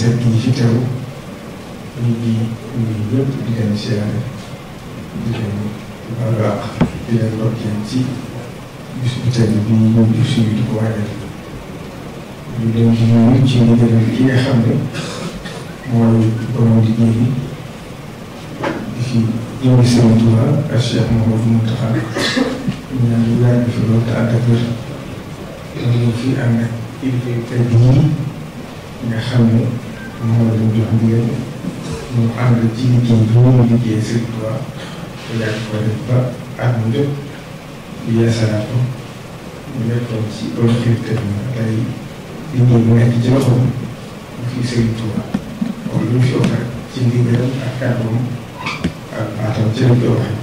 tedd ñi fi teew ñu ngi nuyu ñëpp di leen siyaare di leen balaax di leen ndokkeel ci bis bu tedd bi ñu ñëw di suñu di ko waajal ñu leen di nuyu ci ndigalal ki nga xam ne mooy borom liggéey bi di fi indi Sëriñ Tuuba ak Cheikh Mouhamadou Mountakha ñaan ñu yàgg fi loolu te ànd ak wér ñu fi ànd ak kilifa tedd yi nga xam ne moo leen jox ndigal ñu ànd ci liggéey bi ñu liggéey Sëriñ Tuubaa te yàgg ko def ba at mu njëkk yeesalaat ko ñu nekkoon ci loolu xirte bi tey liggéey bi nekk ci loxo bu fi Sëriñ Tuubaa kon lu fi wax ci ndigalam ak kàddoom ak baatam ci lañ koy waxee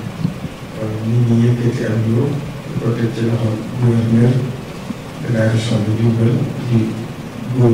kon nit ñi yëkkati am yow di ko teg ci loxo gouverneur de la région de Diourbel di góor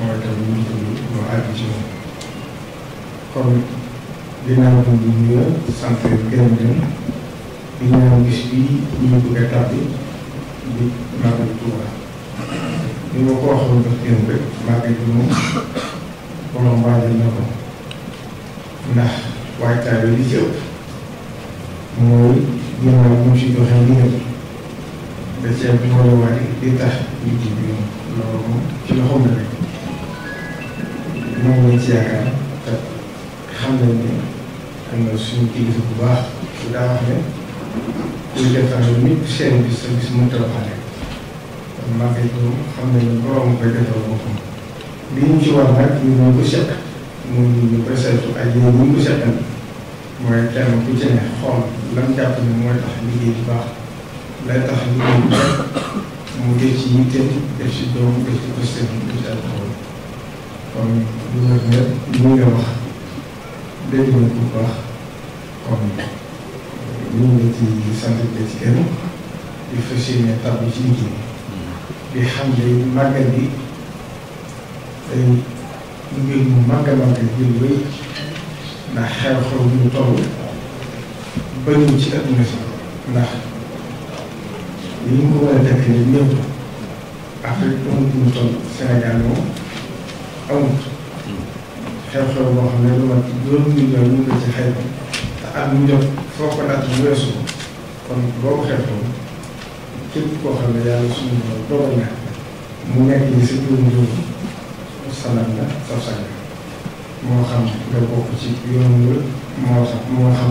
mooy tey ñu ngi tudd ñoo àgg ci moom kon ginnaaw bi ñu nuyoo sant gërëm leen ginnaaw bis bii ñu bëgg a tàbbi di màggal Tuuba ni ma ko waxoon ndax démb rek màggal bi moom borom na ko ndax waajtaay mu si joxe ndigal da cee boole waale di tax nit yi bi moom loolu moom ci loxoom la nekk moom lañ si yaakaar te xam nañ ne am na suñu kilifa bu baax daa wax ne kuy defaral nit seen bis sa bis mënut a waxaale kon màggal ko xam nañ ne borom koy defal boppam li ñu ci war nag ñu ngi ko seq moom ñu ngi koy saytu ak yéen ñu ngi ko seqal mooy kenn ku ci ne xool lan jàpp ne mooy tax liggéey bu baax lay tax liggéey bu baax mu def ci yitte def ci doom def ci posté def ci alxames. kon ñun ñëpp ñu ngi wax dégg nañ bu baax kon ñu ngi ci sant bi ci gërëm di fas yéene tàbbi ci liggéey bi di xam ne màggal bi day ngir mu màgg a màgg ngir wéy ndax xew-xew bu ñu toll bëriwul ci adduna si ndax li ñu ko war a tekk nii ñëw Afrique moom bu ñu toll Sénégal moom. amut xew-xew boo xam ne lu mat juróomi million ñu ngi ko ci xayma te at mu jot foo ko natt mu weesu kon boobu xew-xew képp koo xam ne yàlla suñu dogal na mu nekk ni si juróom juróom sanam la saf sàng moo xam nga bokk ci yoon nga moo tax moo xam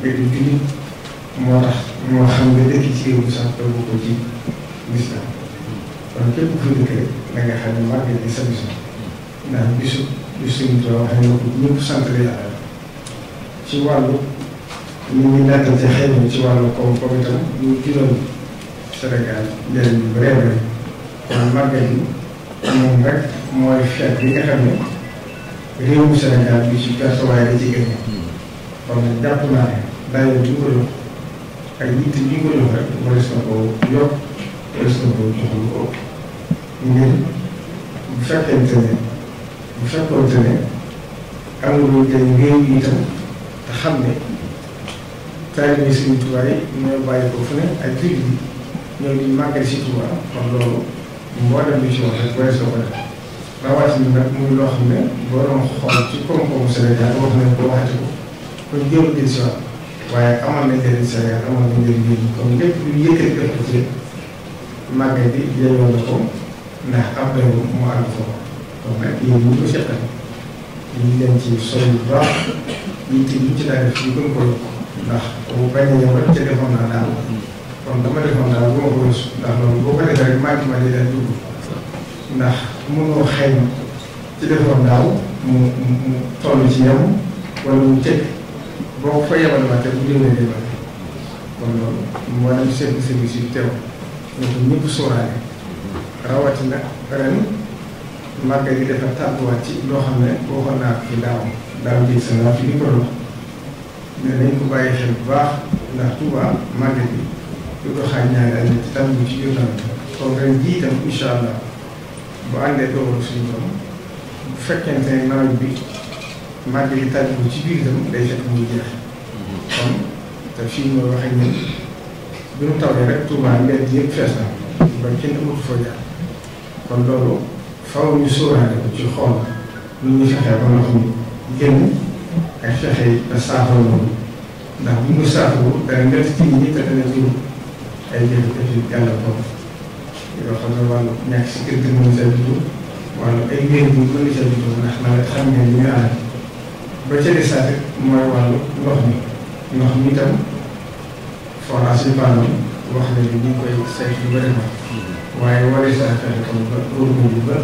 nga di jullit moo tax moo xam nga dëkk ci réew mi sax nga bokk ci lislaam kon képp ku fi dëkk rek da nga xam ne màgg di sa ndax bisu bisu suñu tool waxee na ko ñëpp sant yàlla ci wàllu ñu ngi nattante xëy na ci wàllu koom-koom itam ñu gisoon Sénégal njëriñ bu bëree bëri kon màggal yi moom rek mooy fête bi nga xam ne réewum Sénégal bi ci pertewaay da ci gën kon nag jàpp naa ne daañu ñu ko jox ak yitte ñu ko jox rek waris na koo yokk waris na koo jox lu ko ngir bu fekkente ne bu fekkoonte ne am na lu jëriñ ngay itam te xam ne taalibe Sëriñ Tuubaa yi ñoo bàyyi ko fu ne ak jullit yi ñoo di màggal si Tuubaa kon loolu mboolem bi ci wax rek booy soo ko def rawatina nag muy loo xam ne boo doon xool ci koom-koomu Sénégal wax nañ ko waxati ko kon jëru jël si waat waaye amoon na njëriñ Sénégal amoon na njëriñ yéen kon lépp lu yëkkati ëpp ci màggal bi yeyoo na ko ndax am na mu ànd foofu kon nag yéen ñu ko seqal ñu ngi leen ci solo bu baax ñu ci ñu ci daal def ñu gën ko yokk ndax bu bañ a yow rek ca defoon naa daal kon dama defoon daal bu ma ko rus ndax loolu boo ko defee rek maa ngi ma leen dugg ndax mënoo xeeñ ci defoon daaw mu mu toll ci yow wala mu teg boo fa yebal waate bu déwénee day bari kon loolu mboolem seen service yu teew donc ñëpp sóoraale rawatina ren. magga yi dafa tàbbuwaat ci loo xam ne waxoon naa fi daaw daaw bi sa naa fi di ko dox ko bàyyi xel baax ndax Tuubaa màgg bi du ko xaaj ñaari at ci tam ñu ci jot nañ kon ren jii itam incha allah bu àndee dogal suñu doom bu fekkente ne nawet bi màgg yi tàbbu ci biir itam day fekk muy jeex kon te fii mooy wax ak ñun bu ñu tawee rek Tuubaa mbedd yëpp fees na ba kenn amatu fa jaar kon loolu. faaw ñu sóoraale ko ci xool nu ñu fexee ba ndox mi génn ak fexe ba saafara loolu ndax bu ñu ko saafaru dana nekk ci nit ñi te dana jur ay jafe-jafe yu gàllankoor yoo xam ne wàllu ñàkk si kër gi mën sa juddu wàllu ay mbir bu mën sa juddu ndax nawet xam ngeen li ñu ànd ba ca desaat mooy wàllu ndox mi ndox mi itam forage bi baaxoon wax nañu ñu koy saytu ba defar mm-hmm. waaye wala saa fexe ba ba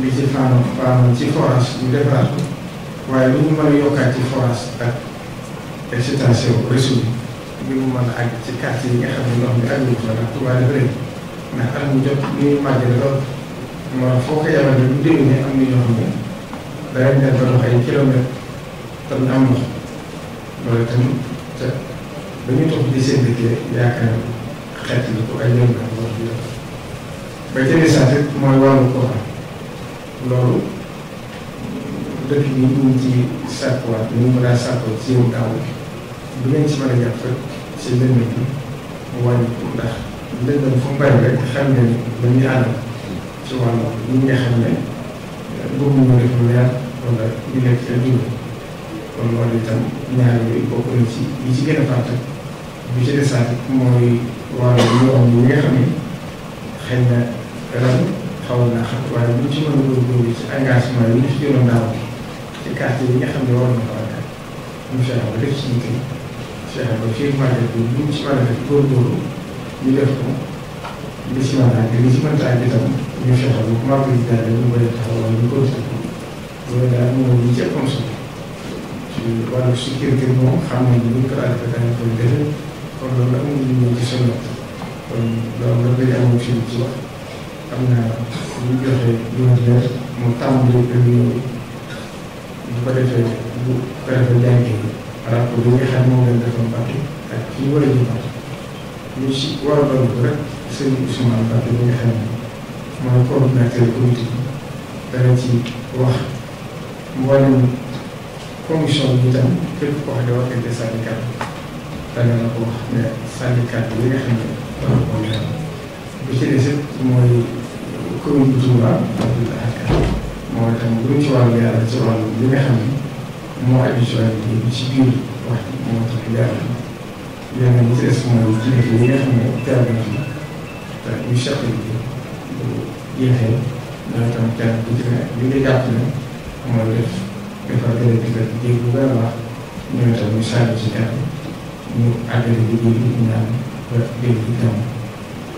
li ci faamoon faamoon ci forage ñu defaraat ko waaye lu mu mën a yokkaat ci forage ak excitation réseau bi mu mën a àgg ci quartier yi nga xam ne ndox mi àggul fa ndax Touba dafa rëy ndax at mu jot ni mu màggee lool moo foo ko yàlla ne bu déwénee am na ñoo xam ne danañ dem ba dox ay kilomètres te du am ndox loolu itam te ba ñu toog di seen liggéey yaakaar xeet li ko ay yëngu-yëngu ba ci des mooy wàllu courant loolu dëkk bi ñu ngi ci sàkkuwaat ñu ngi ko daa sàkkoo ci yow daaw bi ngeen ci mën a jàpp ci lëndëm bi mu wàññi ko ndax lëndëm fu mu bari rek xam ne dañuy ànd ci wàllu ñi nga xam ne bëgg ñu def lu leer wala ñu lekk ca dund kon loolu itam ñaar yooyu bokk na ci yi ci gën a fàtte bi ci desaat mooy wàllu ñoom ñi nga xam ne xëy na ren. xawoon naa xam waaye bu ñu ci mën a góorgóorlu ci engagement yi ñu fi jëloon daaw ci quartier yi nga xam ne war na ko àggal incha allah def ci nit yi incha allah fii magal bi bu ñu ci mën a def góorgóorlu ñu def ko li ci mën a àgg li ci mën a àgg itam ñu fexe ba magal bi daal ñu koy taxawal ñu koy taxawal loolu daal moom ñu ci am solo ci wàllu sécurité moom xam nañ ne bu ñu ko daal dañ koy defee kon loolu amul lu ñu ci solo kon loolu la bëri amul fi ci wax. xam naa bu ñu joxee ñoom mu tàmbali ñu bu ko defee bu ko defee jàngee rapport bi nga xam moom lañ defoon Mbacke ak ci war a ji Mbacke ñu si war a doon rek sëñ Ousmane Mbacke bi nga xam ne mooy coordinateur comité bi dana ci wax mboolem commission bi tam képp koo xam ne wax nga syndicat dana la ko wax ne syndicat bi nga xam ne war a ko bu ci des it mooy. commune bu Touba moo tax lu ci wàllu yàlla ci wàllu li nga xam ne moo aju ci wàllu bi ci biir wax moo tax yàlla yeneen yi ci des mooy kilifa yi nga xam ne teew na fi te ñu seqal bi bu jeexee dana tam kenn ku ci ne li nga jàpp ne mooy def dafa gën a digal jéeg bu gën a wax ñu ne tam ñu sànni ci kenn ñu àggale liggéey bi ñu naan ba dégg itam